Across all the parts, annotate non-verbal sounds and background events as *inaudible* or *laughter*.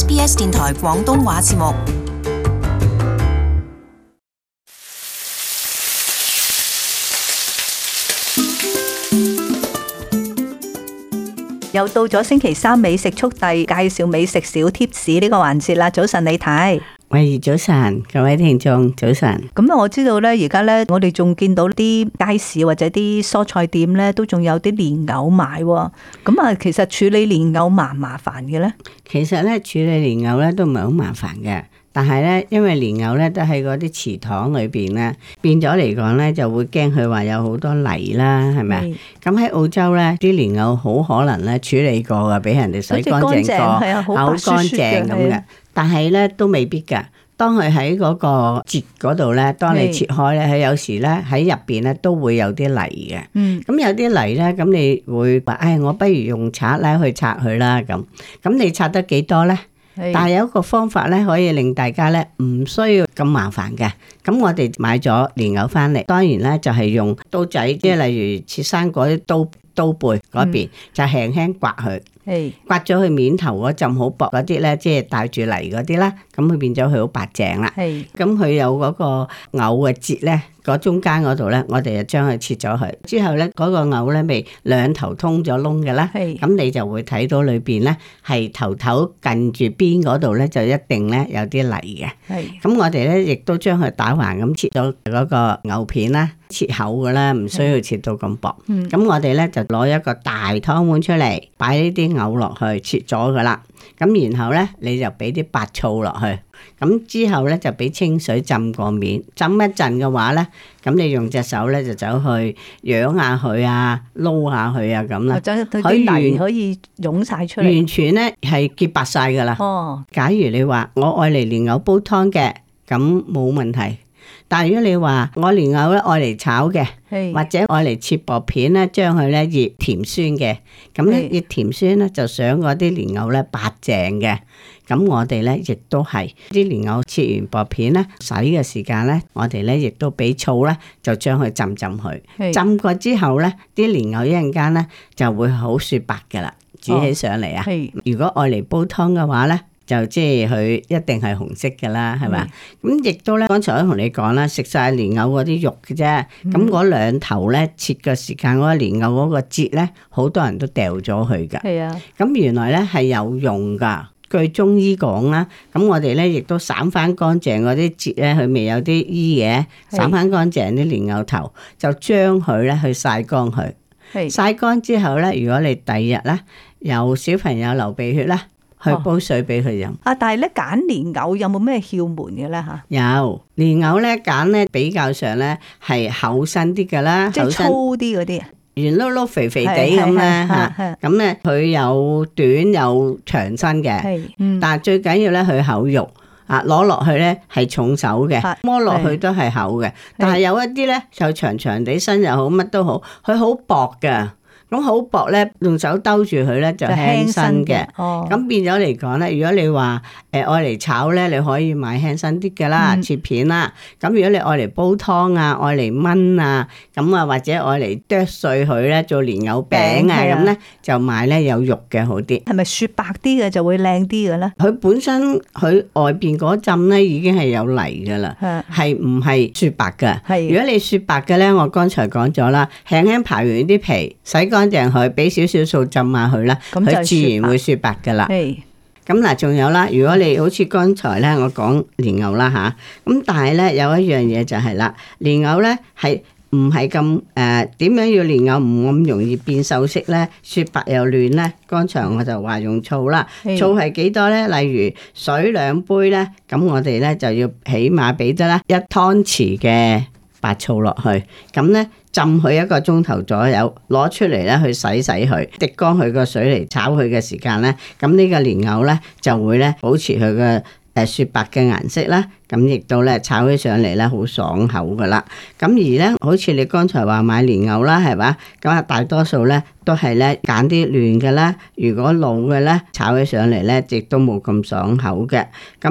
SBS 電台廣東話節目，又到咗星期三美食速遞，介紹美食小貼士呢個環節啦！早晨，李太。係，早晨各位聽眾，早晨。咁啊、嗯，我知道咧，而家咧，我哋仲見到啲街市或者啲蔬菜店咧，都仲有啲蓮藕賣。咁啊、嗯嗯，其實處理蓮藕麻唔麻煩嘅咧。其實咧處理蓮藕咧都唔係好麻煩嘅，但係咧因為蓮藕咧都喺嗰啲池塘裏邊咧，變咗嚟講咧就會驚佢話有好多泥啦，係咪啊？咁喺是、嗯嗯、澳洲咧啲蓮藕好可能咧處理過噶，俾人哋洗乾淨過，好乾淨咁嘅。但係咧都未必噶，當佢喺嗰個節嗰度咧，當你切開咧，佢是有時咧喺入邊咧都會有啲泥嘅。咁、嗯、有啲泥咧，咁你會話，唉、哎，我不如用刷咧去刷佢啦咁。咁你刷得幾多咧？是但係有一個方法咧，可以令大家咧唔需要咁麻煩嘅。咁我哋買咗蓮藕翻嚟，當然咧就係、是、用刀仔，即係例如切生果啲刀刀背嗰邊，嗯、就輕輕刮佢。誒，刮咗佢面頭嗰浸好薄嗰啲咧，即係帶住泥嗰啲啦，咁佢變咗佢好白淨啦。係是，咁佢有嗰個藕嘅節咧，嗰中間嗰度咧，我哋就將佢切咗佢。之後咧，嗰、那個藕咧，咪兩頭通咗窿嘅啦。係是，咁你就會睇到裏邊咧，係頭頭近住邊嗰度咧，就一定咧有啲泥嘅。係是，咁我哋咧亦都將佢打橫咁切咗嗰個藕片啦，切厚嘅啦，唔需要切到咁薄。嗯，咁我哋咧就攞一個大湯碗出嚟，擺呢啲。牛落去切咗佢喇，咁然後咧你就俾啲白醋落去，咁之後咧就俾清水浸過面，浸一陣嘅話咧，咁你用隻手咧就走去養下佢啊，撈下佢啊咁啦， *noise* 可以泥可以湧晒出嚟， *noise* 完全咧係潔白晒噶啦。哦，假如你話我愛嚟蓮藕煲湯嘅，咁冇問題。但如果你話我蓮藕咧愛嚟炒嘅，是或者愛嚟切薄片咧，將佢咧熱甜酸嘅，咁咧是熱甜酸咧就上嗰啲蓮藕咧白淨嘅。咁我哋咧亦都係啲蓮藕切完薄片咧，洗嘅時間咧，我哋咧亦都俾醋咧就將佢浸浸佢。是浸過之後咧，啲蓮藕一陣間咧就會好雪白㗎啦。煮起上嚟啊！哦、如果愛嚟煲湯嘅話咧。就即係佢一定係紅色㗎啦，係嘛？咁亦都咧，剛才都同你講啦，食晒蓮藕嗰啲肉嘅啫。咁嗰、嗯、兩頭咧，切嘅時間嗰個蓮藕嗰個節咧，好多人都掉咗佢㗎。係啊。咁原來咧係有用㗎。據中醫講啦，咁我哋咧亦都散翻乾淨嗰啲節咧，佢未有啲淤嘢，散翻乾淨啲蓮藕頭，就將佢咧去曬乾佢。係。是的 曬乾之後咧，如果你第二日咧有小朋友流鼻血啦。去煲水俾佢飲。啊，但係咧揀蓮藕有冇咩竅門嘅咧吓？有蓮藕咧揀咧比較上咧係厚身啲噶啦，即係粗啲嗰啲，圓碌碌肥肥地咁咧吓，咁咧佢有短有長身嘅，嗯、但係最緊要咧佢厚肉，啊攞落去咧係重手嘅，摸落去都係厚嘅。是但係有一啲咧就長長地身又好，乜都好，佢好薄噶。咁好薄咧，用手兜住佢咧就輕身嘅。哦，咁變咗嚟講咧，如果你、呃、話誒愛嚟炒咧，你可以買輕身啲嘅啦，嗯、切片啦。咁如果你愛嚟煲湯啊，愛嚟燜啊，咁啊或者愛嚟剁碎佢咧，做蓮藕餅啊咁咧、嗯啊，就買咧有肉嘅好啲。係咪雪白啲嘅就會靚啲嘅咧？佢本身佢外邊嗰浸咧已經係有泥嘅啦，係唔係雪白嘅？係的。的如果你雪白嘅咧，我剛才講咗啦，輕輕排完啲皮，洗乾淨佢，俾少少醋浸下佢啦，佢自然會雪白噶啦。咁嗱，仲有啦，如果你好似剛才咧，我講蓮藕啦吓，咁但係咧有一樣嘢就係啦，蓮藕咧係唔係咁誒？點樣要蓮藕唔咁容易變鏽色咧？雪白又嫩咧？剛才我就話用醋啦，醋係幾多咧？例如水兩杯咧，咁我哋咧就要起碼俾得啦一湯匙嘅白醋落去，咁咧。浸佢一個鐘頭左右，攞出嚟咧去洗洗佢，滴乾佢個水嚟炒佢嘅時間咧，咁呢個蓮藕咧就會咧保持佢嘅。誒，雪白嘅顏色啦，咁亦都咧炒起上嚟咧好爽口噶啦。咁而咧，好似你剛才話買蓮藕啦，係嘛？咁啊，大多數咧都係咧揀啲嫩嘅啦。如果老嘅咧炒起上嚟咧，亦都冇咁爽口嘅。咁而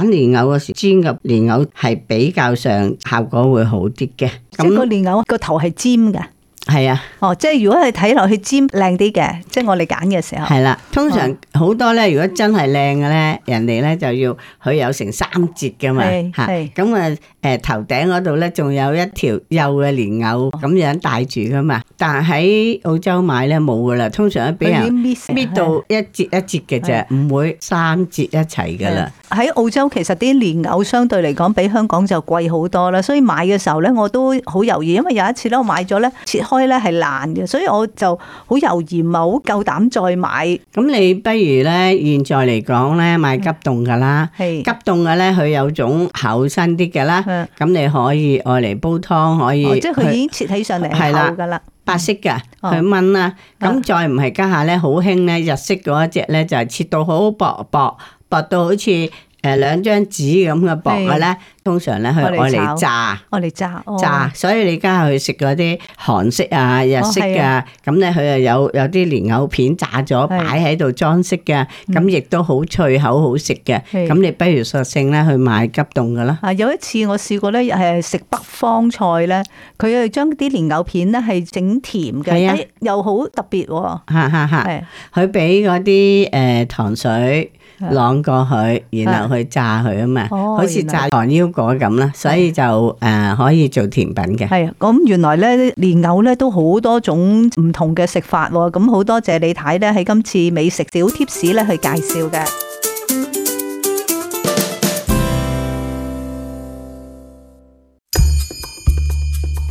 揀蓮藕嘅時尖嘅蓮藕係比較上效果會好啲嘅。咁個蓮藕個頭係尖嘅。係啊，哦，即係如果係睇落去尖靚啲嘅，即係我哋揀嘅時候。係啦、啊，通常好多咧，如果真係靚嘅咧，人哋咧就要佢有成三節嘅嘛，吓，咁啊。誒頭頂嗰度咧，仲有一條幼嘅蓮藕咁樣帶住噶嘛，但喺澳洲買咧冇噶啦，通常都俾人搣到一節一節嘅啫，唔會三節一齊噶啦。喺澳洲其實啲蓮藕相對嚟講比香港就貴好多啦，所以買嘅時候咧我都好猶豫，因為有一次咧我買咗咧切開咧係爛嘅，所以我就好猶豫，唔係好夠膽再買。咁你不如咧現在嚟講咧買急凍㗎啦，係急凍嘅咧佢有種厚身啲嘅啦。咁你可以愛嚟煲湯，可以、哦，即係佢已經切起上嚟係厚噶啦，白色噶，佢、嗯、炆啦。咁、哦、再唔係家下咧好興咧日式嗰一隻咧，就係切到好薄薄，薄到好似。誒兩張紙咁嘅薄嘅咧，通常咧佢攞嚟炸，攞嚟炸炸，所以你而家去食嗰啲韓式啊、日式㗎，咁咧佢又有有啲蓮藕片炸咗擺喺度裝飾嘅，咁亦都好脆口好食嘅。咁你不如索性咧去買急凍㗎啦。有一次我試過咧，係食北方菜咧，佢係將啲蓮藕片咧係整甜嘅，又好特別喎！佢俾嗰啲誒糖水攏過去，然後去炸佢啊嘛，好似炸糖腰果咁啦，所以就誒可以做甜品嘅。係啊，咁原來咧蓮藕咧都好多種唔同嘅食法喎，咁好多謝李太咧喺今次美食小貼士咧去介紹嘅。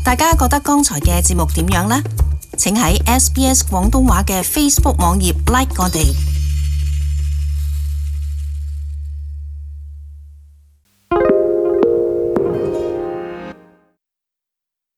大家覺得剛才嘅節目點樣咧？請喺 SBS 廣東話嘅 Facebook 網頁 like 我哋。